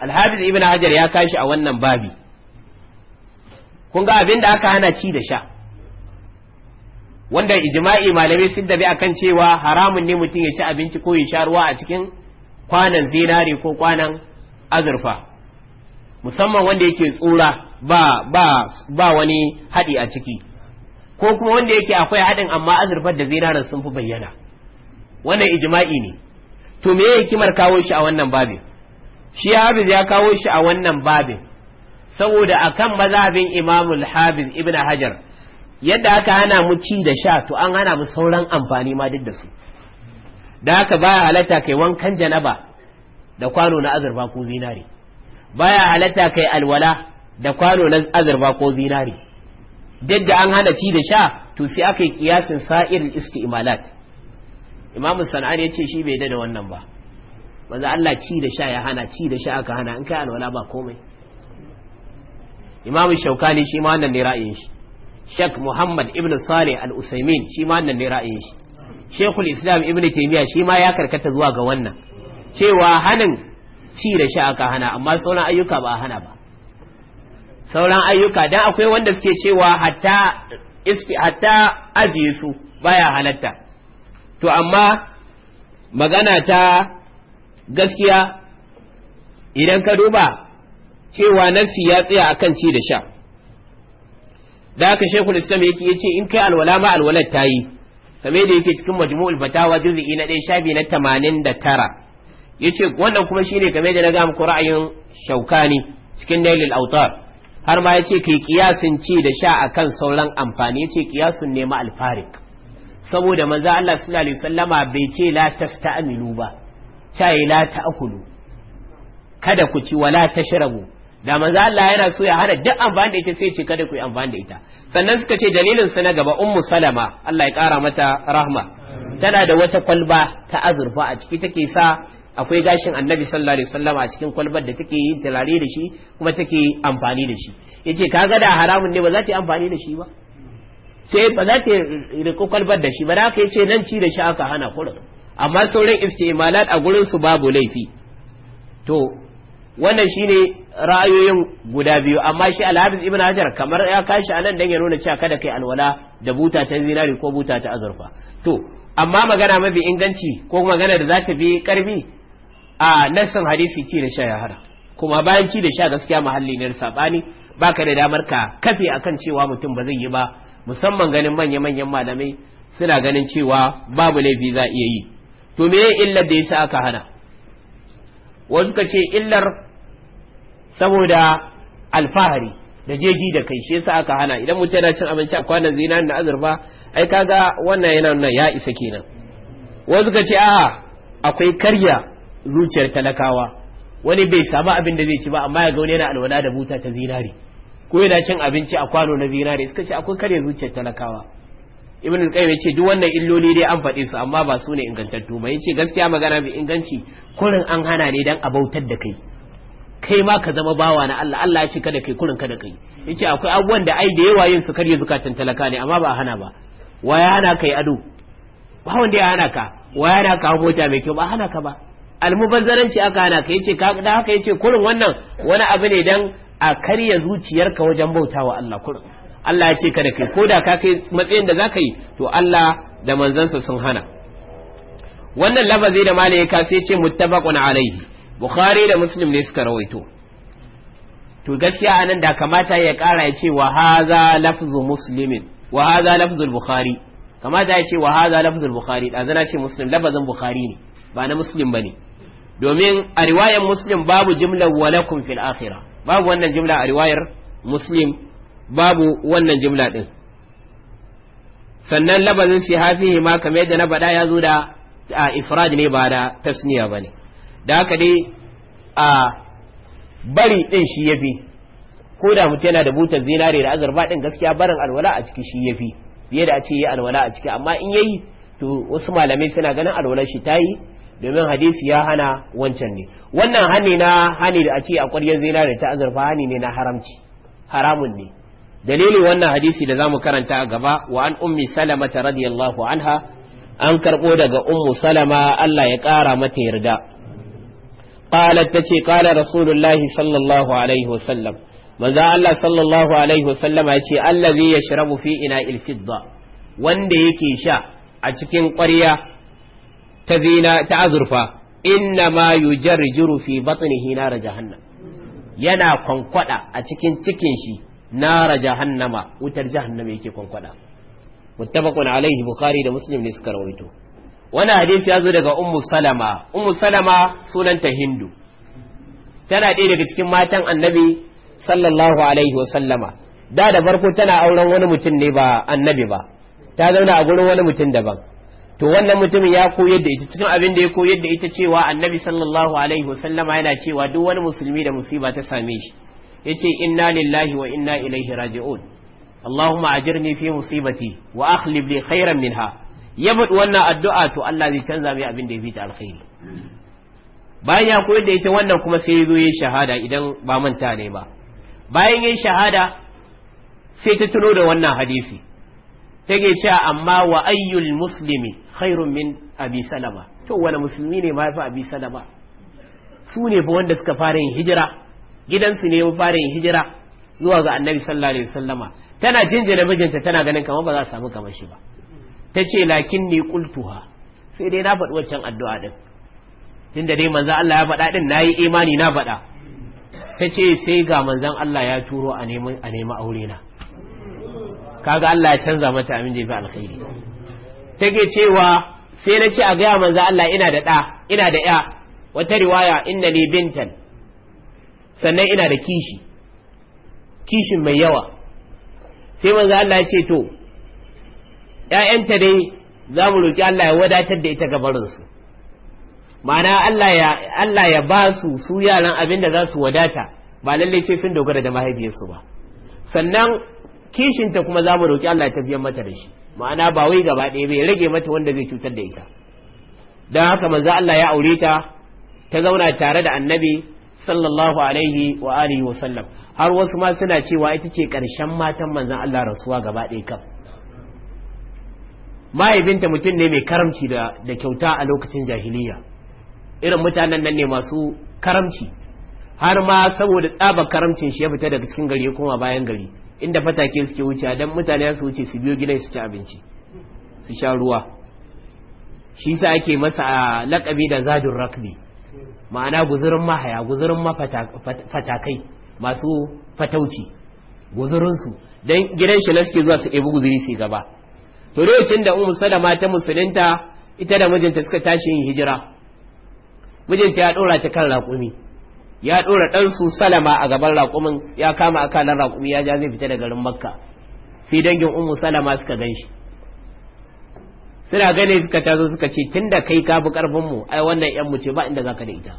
alhafiz ibn hajar ya kashi a wannan babi kun ga abin da aka hana ci da sha wanda ijma'i malamai sun dabi akan cewa haramun ne mutum ya ci abinci ko ya sha ruwa a cikin kwanan zinare ko kwanan azurfa musamman wanda yake tsura ba ba ba wani haɗi a ciki ko kuma wanda yake akwai haɗin amma azurfar da zinaren sun fi bayyana wannan ijma'i ne to me hikimar kawo shi a wannan babin shi Habib ya kawo shi a wannan babin saboda akan mazhabin imamul habib ibn hajar yadda aka hana mu ci da sha to an hana mu sauran amfani ma duk da su da haka baya halatta kai wankan janaba da kwano na azurfa ko zinari baya halatta kai alwala da kwano na azurfa ko zinari duk da an hana ci da sha to sai aka yi kiyasin sa'irin isti'malat imamu sana'ar ya ce shi bai da wannan ba maza Allah ci da sha ya hana ci da sha aka hana in kai alwala ba komai imamu shaukani shi ma wannan ne ra'ayin shi shek muhammad ibn salih al-usaimin shi ma wannan ne ra'ayin shi shekul islam ibn taimiyya shi ma ya karkata zuwa ga wannan cewa hanin ci da sha aka hana amma sauran ayyuka ba a hana ba sauran ayyuka dan akwai wanda suke cewa hatta hatta ajiye su baya halatta to amma magana ta gaskiya idan ka duba cewa nafsi ya tsaya akan ci da sha da haka shekul islam yake yace in kai alwala ma alwalar ta yi da yake cikin majmu'ul fatawa juz'i na ɗaya shafi na tamanin da tara yace wannan kuma shine game da na ga muku ra'ayin shaukani cikin nailul autar har ma yace kai kiyasin ci da sha akan sauran amfani yace kiyasin nema alfarik saboda manzo Allah sallallahu alaihi wasallama bai ce la aminu ba chai la ta'kulu kada ku ci wala tashrabu da manzo Allah yana so ya hana duk amfani da ita sai ce kada ku yi amfani da ita sannan suka ce dalilin su na gaba ummu salama Allah ya kara mata rahma tana da wata kwalba ta azurfa a ciki take sa akwai gashin annabi sallallahu alaihi wasallama a cikin kwalbar da take yin da shi kuma take amfani da shi yace kaga da haramun ne ba za ta yi amfani da shi ba sai ba za ta riko kwalbar da shi ba da ya ce nan ci da shi aka hana kurin amma sauran istimalat a gurin su babu laifi to wannan shi ne ra'ayoyin guda biyu amma shi alhabis ibn hajar kamar ya kashi a nan dan ya nuna cewa kada kai alwala da buta ta zinari ko buta ta azurfa to amma magana mafi inganci ko magana da za ta bi karfi a nassan hadisi ci da sha ya hara kuma bayan ci da sha gaskiya muhalli ne saɓani sabani baka da damar ka kafe akan cewa mutum ba zai yi ba musamman ganin manya-manyan malamai suna ganin cewa babu laifi za iya yi to me illar da yasa aka hana wasu ka ce illar saboda alfahari da jeji da kai shi yasa aka hana idan mutum yana cin abinci a kwanan zina na azurfa ai kaga wannan yana nan ya isa kenan wasu ka ce a'a akwai karya zuciyar talakawa wani bai samu abin da zai ci ba amma ya ga wani yana alwala da buta ta zinari ko yana cin abinci a kwano na zinare suka ce akwai kare zuciyar talakawa ibn al-qayyim yace duk wannan illoli dai an faɗe su amma ba su ne ingantattu ba yace gaskiya magana bi inganci kurin an hana ne dan abautar da kai kai ma ka zama bawa na Allah Allah ya ce kada kai kurin kada kai yace akwai abubuwan da ai da yawa yin su karya zukatan talaka ne amma ba hana ba wa ya hana kai ado ba wanda ya hana ka wa ya hana ka mota mai kyau ba hana ka ba almubazzaranci aka hana ka yace ka da haka yace kurin wannan wani abu ne dan a karya zuciyarka wajen bautawa Allah kurin Allah ya ce kada kai ko da ka kai matsayin da za ka yi to Allah da manzansa sun hana wannan lafazi da malam ya kasa ce muttafaqun alaihi bukhari da muslim ne suka rawaito to gaskiya anan da kamata ya kara ya ce wa haza lafzu muslimin wa haza lafzul bukhari kamata ya ce wa haza lafzul bukhari da zana ce muslim lafazin bukhari ne ba na muslim bane domin a riwayar muslim babu jimlar walakum fil akhirah babu wannan jimla a riwayar muslim babu wannan jimla din sannan labarin sihafihi ma kamar yadda na bada ya zo da a ifrad ne ba da tasniya bane da haka dai a bari din shi yafi ko da mutum yana da butar zinare da azurba din gaskiya barin alwala a ciki shi yafi fiye da a ce yi alwala a ciki amma in yayi to wasu malamai suna ganin alwalar shi tayi domin hadisi ya hana wancan ne wannan hani na hani da a ce a ƙwaryar da ta azurfa hani ne na haramci haramun ne dalilin wannan hadisi da zamu karanta a gaba wa an ummi salama ta radiyallahu anha an karɓo daga ummu salama Allah ya ƙara mata yarda qalat tace qala rasulullahi sallallahu alaihi wasallam manzo Allah sallallahu alaihi wasallama ya ce allazi yashrabu fi ina ilfidda wanda yake sha a cikin ƙwarya ta zina ta azurfa inna ma yujarjiru fi batnihi nara jahannam yana kwankwada a cikin cikin shi nara jahannama wutar jahannama yake kwankwada muttafaqun alaihi bukhari da muslim ne suka rawaito wani hadisi ya zo daga ummu salama ummu salama sunanta hindu tana ɗaya daga cikin matan annabi sallallahu alaihi wa sallama da da farko tana auren wani mutum ne ba annabi ba ta zauna a gurin wani mutum daban to wannan mutumin ya koyar da ita cikin abin da ya koyar da ita cewa annabi sallallahu alaihi wasallama yana cewa duk wani musulmi da musiba ta same shi yace inna lillahi wa inna ilaihi raji'un allahumma ajirni fi musibati wa akhlib li khairan minha ya bud wannan addu'a to Allah zai canza mai abin da ya fita alkhairi bayan ya koyar da ita wannan kuma sai ya zo ya shahada idan ba manta ne ba bayan yin shahada sai ta tuno da wannan hadisi take cewa amma wa ayyul muslimi khairun min abi salama to wani musulmi ne ma abi salama su ne fa wanda suka fara yin hijira gidansu ne fara yin hijira zuwa ga annabi sallallahu alaihi wasallama tana jinjina mijinta tana ganin kamar ba za a samu kamar shi ba ta ce lakin ne qultuha sai dai na faɗi waccan addu'a din tunda dai manzon Allah ya faɗa din nayi imani na faɗa ta ce sai ga manzon Allah ya turo a nemi a nemi aure na kaga Allah ya canza mata amin da ya fi alkhairi take cewa sai na ce a gaya manzo Allah ina da ɗa ina da ya wata riwaya inna li bintan sannan ina da kishi kishin mai yawa sai manzo Allah ya ce to ‘ya'yanta dai za mu roƙi Allah ya wadatar da ita ga gabarinsu ma'ana Allah ya ba su su yaran abin da za su wadata ba lallai ce sun dogara da mahaifiyarsu ba sannan kishinta kuma za mu roƙi Allah ya tafiyar mata da shi ma'ana ba wai gaba ɗaya bai rage mata wanda zai cutar da ita don haka manzo Allah ya aure ta ta zauna tare da annabi sallallahu alaihi wa alihi wa har wasu ma suna cewa ita ce karshen matan manzon Allah rasuwa gaba ɗaya kam mahaifinta mutum ne mai karamci da kyauta a lokacin jahiliya irin mutanen nan ne masu karamci har ma saboda tsaba karamcin shi ya fita daga cikin gari ya koma bayan gari inda fatake suke wuce don mutane su wuce su biyo gidan su ci abinci su sha ruwa shi sa ake masa lakabi da zadun rakbi ma'ana guzurin mahaya guzurin mafatakai masu fatauci guzurinsu don gidan shi suke zuwa su ɗebi guzuri su gaba to da umar, sada mata musulunta ita da mijinta suka tashi yin hijira mijinta ya ɗora ta kan raƙumi ya ɗora ɗansu salama a gaban raƙumin ya kama a kanan raƙumi ya ja zai fita da garin makka sai dangin umu salama suka gan shi suna gane suka tazo suka ce tun da kai ka bi ƙarfinmu ai wannan yan mu ce ba inda za ka da ita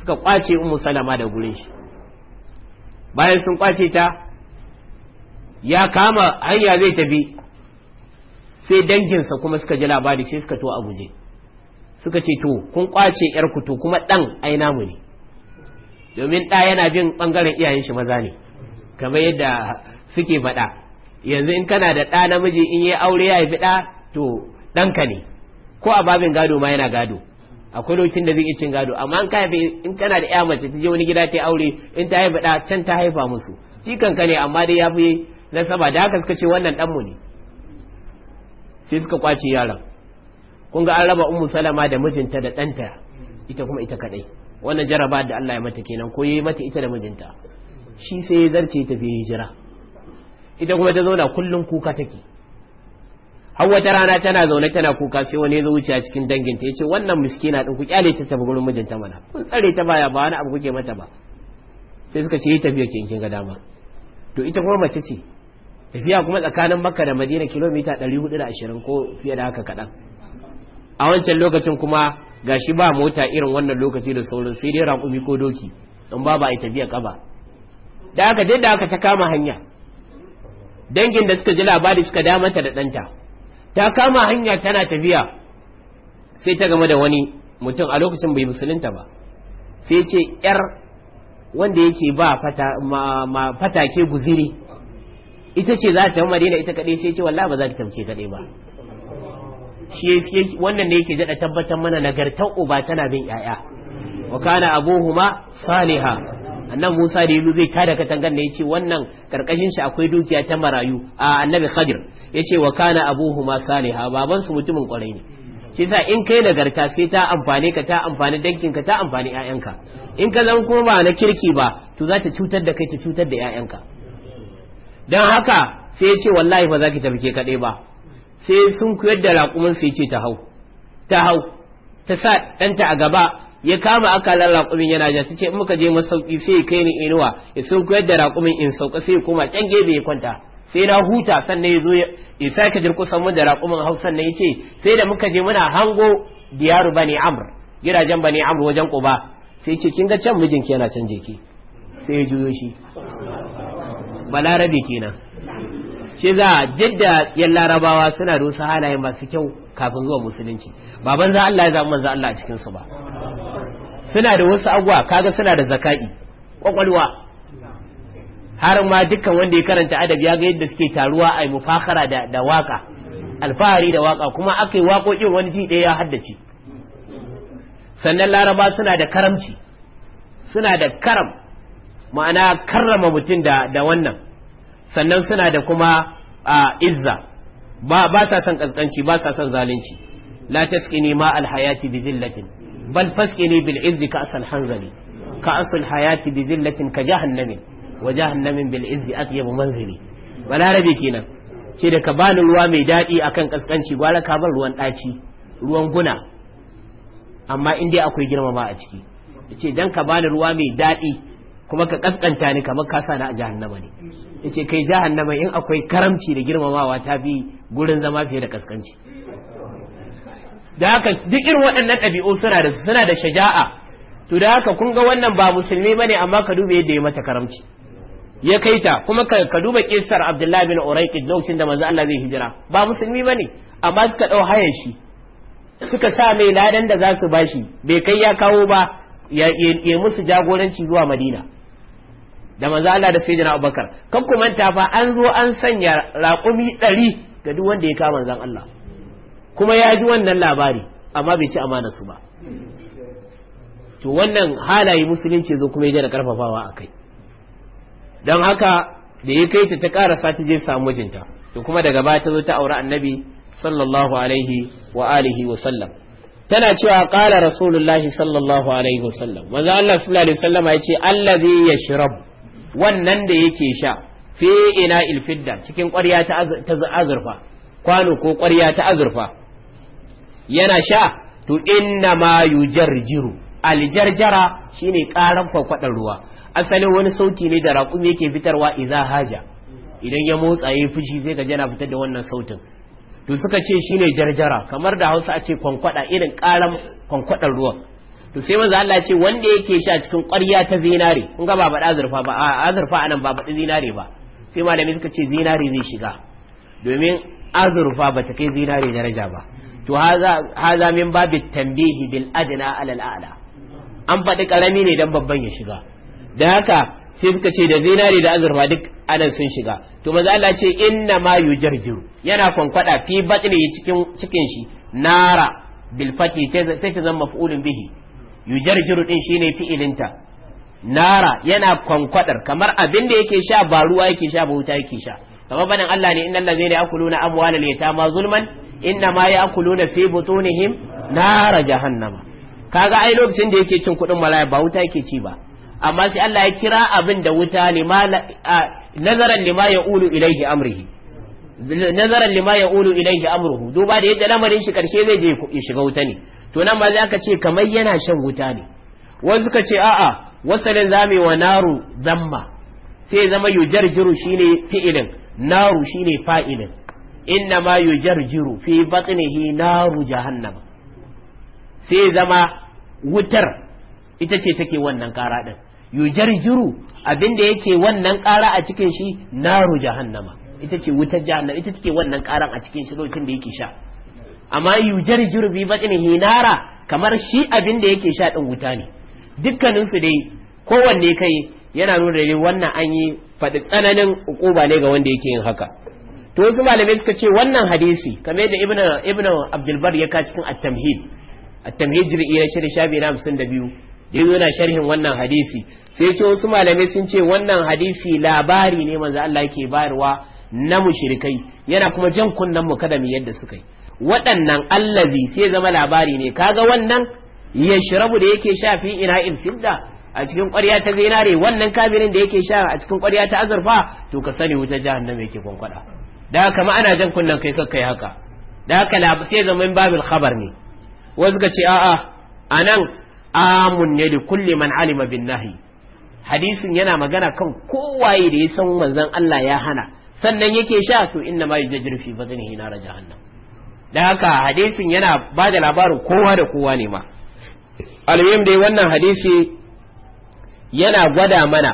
suka kwace umu salama da gurin shi bayan sun kwace ta ya kama hanya zai tafi sai danginsa kuma suka ji labari sai suka to a guje suka ce to kun kwace yar to kuma ɗan ai namu ne domin ɗa yana bin ɓangaren iyayen shi maza ne kamar yadda suke faɗa yanzu in kana da ɗa namiji in yi aure ya fi ɗa to ɗanka ne ko a babin gado ma yana gado akwai lokacin da zai cin gado amma in ka in kana da ya mace ta je wani gida ta aure in ta haifi ɗa can ta haifa musu cikan ka ne amma dai ya fi nasaba da haka suka ce wannan ɗanmu ne sai suka kwace yaron kun ga an raba ummu salama da mijinta da ɗanta ita kuma ita kaɗai wannan jaraba da Allah ya mata kenan ko yayi mata ita da mijinta shi sai ya zarce ta bi hijira ita kuma ta zauna kullun kuka take har wata rana tana zaune tana kuka sai wani ya zo wuce a cikin danginta yace wannan miskina din ku kyale ta tafi gurin mijinta mana kun tsare ta baya ba wani abu kuke mata ba sai suka ce yi tafiya kin ga dama to ita kuma mace ce tafiya kuma tsakanin makka da madina kilomita 420 ko fiye da haka kadan a wancan lokacin kuma gashi ba mota irin wannan lokaci da sauran sai dai raƙumi ko doki don ba ba a tafiya kaba da aka je da aka ta kama hanya dangin da suka ji labari suka da mata da ɗanta ta kama hanya tana tafiya sai ta game da wani mutum a lokacin bai musulunta ba sai ce yar wanda yake ba fata ma, fatake guziri ita ce za ta madina ita kaɗai sai ce wallahi ba za ta tamke kaɗai ba shi wannan ne yake jada tabbatar mana nagartar uba tana bin yaya wa kana abuhuma saliha annan Musa da yazo zai tada katangar ne yace wannan karkashin shi akwai dukiya ta marayu a annabi Khadir yace wa kana abuhuma saliha baban su mutumin kwarai ne shi yasa in kai nagarta sai ta amfane ka ta amfani ka ta amfani ƴaƴanka in ka zan kuma ba na kirki ba to za ta cutar da kai ta cutar da ƴaƴanka dan haka sai ya ce wallahi ba za ki tafi ke kaɗai ba sai sun kuyar da raƙumin sai ce ta hau ta hau ta sa ɗanta a gaba ya kama akalar raƙumin yana ja ta ce in muka je masauki sai kai ni inuwa ya sun kuyar da raƙumin in sauka sai kuma koma can ya kwanta sai na huta sannan ya zo ya sake durkusan mu da raƙumin hau sannan ya ce sai da muka je muna hango diyaru bani amr gidajen bani amr wajen kuba sai ce kin ga can mijinki yana can jeki sai ya juyo shi balarabe kenan shi za jidda yan larabawa suna da wasu halaye masu kyau kafin zuwa musulunci ba banza Allah ya zama manzo Allah a cikin ba suna da wasu agwa kaga suna da zakai kwakwalwa har ma dukkan wanda ya karanta adab ya ga yadda suke taruwa a mufakara da da waka alfahari da waka kuma akai waƙoƙin wani ji ɗaya ya haddace sannan laraba suna da karamci suna da karam ma'ana karrama mutum da da wannan sannan suna da kuma a izza ba sa son kaskanci ba sa son zalunci la taskini ma al hayati bi zillatin bal faskini bil izzi ka asal hanzali ka asal hayati bi zillatin ka jahannami wa jahannami bil izzi atyabu manzili balarabi kenan ce da ka bani ruwa mai daɗi akan kaskanci gwara ka bar ruwan ɗaci ruwan guna amma in dai akwai ba a ciki ce dan ka bani ruwa mai daɗi kuma ka kaskanta ni kamar ka sani na a jahannama ne yace kai jahannama in akwai karamci da girmamawa ta bi gurin zama fiye da kaskanci da haka duk irin waɗannan ɗabi'u suna da suna da shaja'a to da haka kun ga wannan ba musulmi bane amma ka duba yadda ya mata karamci ya kai ta kuma ka duba kisar Abdullahi bin Uraiqid lokacin da manzo Allah zai hijira ba musulmi bane amma suka dau hayar shi suka sa mai ladan da za su bashi bai kai ya kawo ba ya musu jagoranci zuwa Madina da manzo Allah da sayyidina Abubakar kan ku manta fa an zo an sanya raƙumi ɗari ga duk wanda ya kama manzon Allah kuma ya ji wannan labari amma bai ci amana su ba to wannan halaye musulunci zo kuma ya da karfafawa a kai don haka da ya kai ta ta karasa ta je samu mijinta to kuma daga baya ta zo ta aure annabi sallallahu alaihi wa alihi wa sallam tana cewa qala rasulullahi sallallahu alaihi wa sallam manzo Allah sallallahu alaihi wa sallam ya ce allazi yashrab wannan da yake sha fi ina ilfidda cikin ƙwarya ta azurfa kwano ko ƙwarya ta azurfa yana sha to inna ma jarjiru aljarjara shine ƙaran kwakwadan ruwa asalin wani sauti ne da raƙum yake fitarwa Iza haja idan ya motsa yayi fushi sai ka jana fitar da wannan sautin to suka ce shine jarjara kamar da Hausa a ce kwankwada irin ƙaran kwankwadan ruwan to sai manzo Allah ce wanda yake sha cikin ƙwarya ta zinare kun ga ba faɗa azurfa ba azurfa anan ba faɗi zinare ba sai malami suka ce zinare zai shiga domin azurfa ba ta kai zinare daraja ba to haza min babu tambihi bil adna al a'la an faɗi karami ne dan babban ya shiga da haka sai suka ce da zinare da azurfa duk anan sun shiga to manzo Allah ce inna ma yujarjiru yana kwankwada fi batni cikin cikin shi nara bil fati sai ta zama maf'ulun bihi yujarjiru din shine fi'ilinta nara yana kwankwadar kamar abin da yake sha ba ruwa yake sha ba wuta yake sha kamar banin Allah ne innal ladzina ya'kuluna amwalal yatama zulman inna ma ya'kuluna fi butunihim nara jahannama kaga ai lokacin da yake cin kudin malaya ba wuta yake ci ba amma sai Allah ya kira abin da wuta lima nazaran lima ya'ulu ilaihi amrihi nazaran lima ya'ulu ilaihi amruhu duba da yadda lamarin shi karshe zai je ya shiga wuta ne to nan ba za ka ce kamar yana shan wuta ne wani suka ce a'a wasalin zame wa naru zamma sai zama yujarjiru shine fi'ilin naru shine fa'ilin inna ma yujarjiru fi batnihi naru jahannama sai zama wutar ita ce take wannan kara din yujarjiru abinda yake wannan kara a cikin shi naru jahannama ita ce wutar jahannama ita take wannan karan a cikin shi lokacin da yake sha amma yu'jar bi batnihi hinara kamar shi abin da yake sha wuta ne dukkaninsu dai kowanne kai yana nuna da wannan an yi faɗi tsananin ukuba ne ga wanda yake yin haka to wasu malamai suka ce wannan hadisi kamar da ibnu ibnu abdul ya ka cikin at-tamhid at-tamhid jiri na shari shabi na 52 da yazo sharhin wannan hadisi sai ce wasu malamai sun ce wannan hadisi labari ne manzo Allah yake bayarwa na mushrikai yana kuma jan kunnen mu kada mu yadda suka yi waɗannan allazi sai zama labari ne kaga wannan ya shirabu da yake sha fi ina in fidda a cikin ƙwarya ta zinare wannan kabirin da yake sha a cikin ƙwarya ta azurfa to ka sani wuta jahannama yake kwankwada da haka ma ana jan kunnen kai kai haka da haka sai zama babil khabar ne wasu ka ce a'a anan amun ne da kulli man alima bin nahi hadisin yana magana kan kowaye da ya san manzon Allah ya hana sannan yake sha to inna ma yujajir fi badnihi nar jahannam da haka hadisin yana ba da labarin kowa da kowa ne ma almuhim dai wannan hadisi yana gwada mana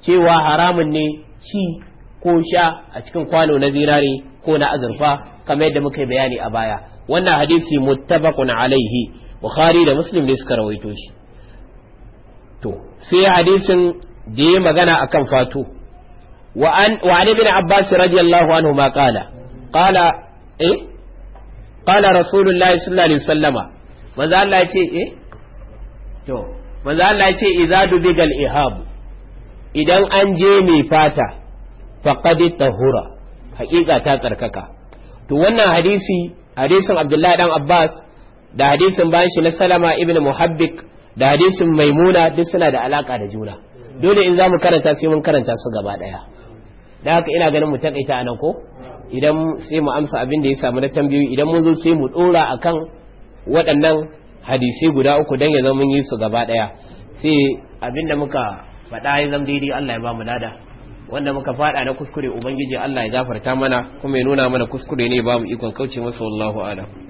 cewa haramun ne ci ko sha a cikin kwano na zinare ko na azurfa kamar yadda muka bayani a baya wannan hadisi muttafaqun alaihi bukhari da muslim ne suka rawaito shi to sai hadisin da ya magana akan fato wa an ibn abbas radiyallahu anhu ma qala qala eh qala rasulullahi sallallahu alaihi wasallama manzo Allah ce eh to manzo Allah ce idza dubigal ihab idan an je mai fata faqad tahura haƙiƙa ta tsarkaka to wannan hadisi hadisin Abdullahi dan Abbas da hadisin bayan shi na Salama ibn Muhabbik da hadisin Maimuna duk suna da alaka da juna dole in za mu karanta sai mun karanta su gaba daya da haka ina ganin mu takaita anan ko idan sai mu amsa abin da ya samu na tambayoyi idan mun zo sai mu dora akan waɗannan hadisai guda uku dan ya zama mun yi su gaba daya sai abin da muka faɗa ya zama daidai Allah ya bamu mu lada wanda muka faɗa na kuskure ubangiji Allah ya gafarta mana kuma ya nuna mana kuskure ne ba mu ikon kauce masa wallahu a'lam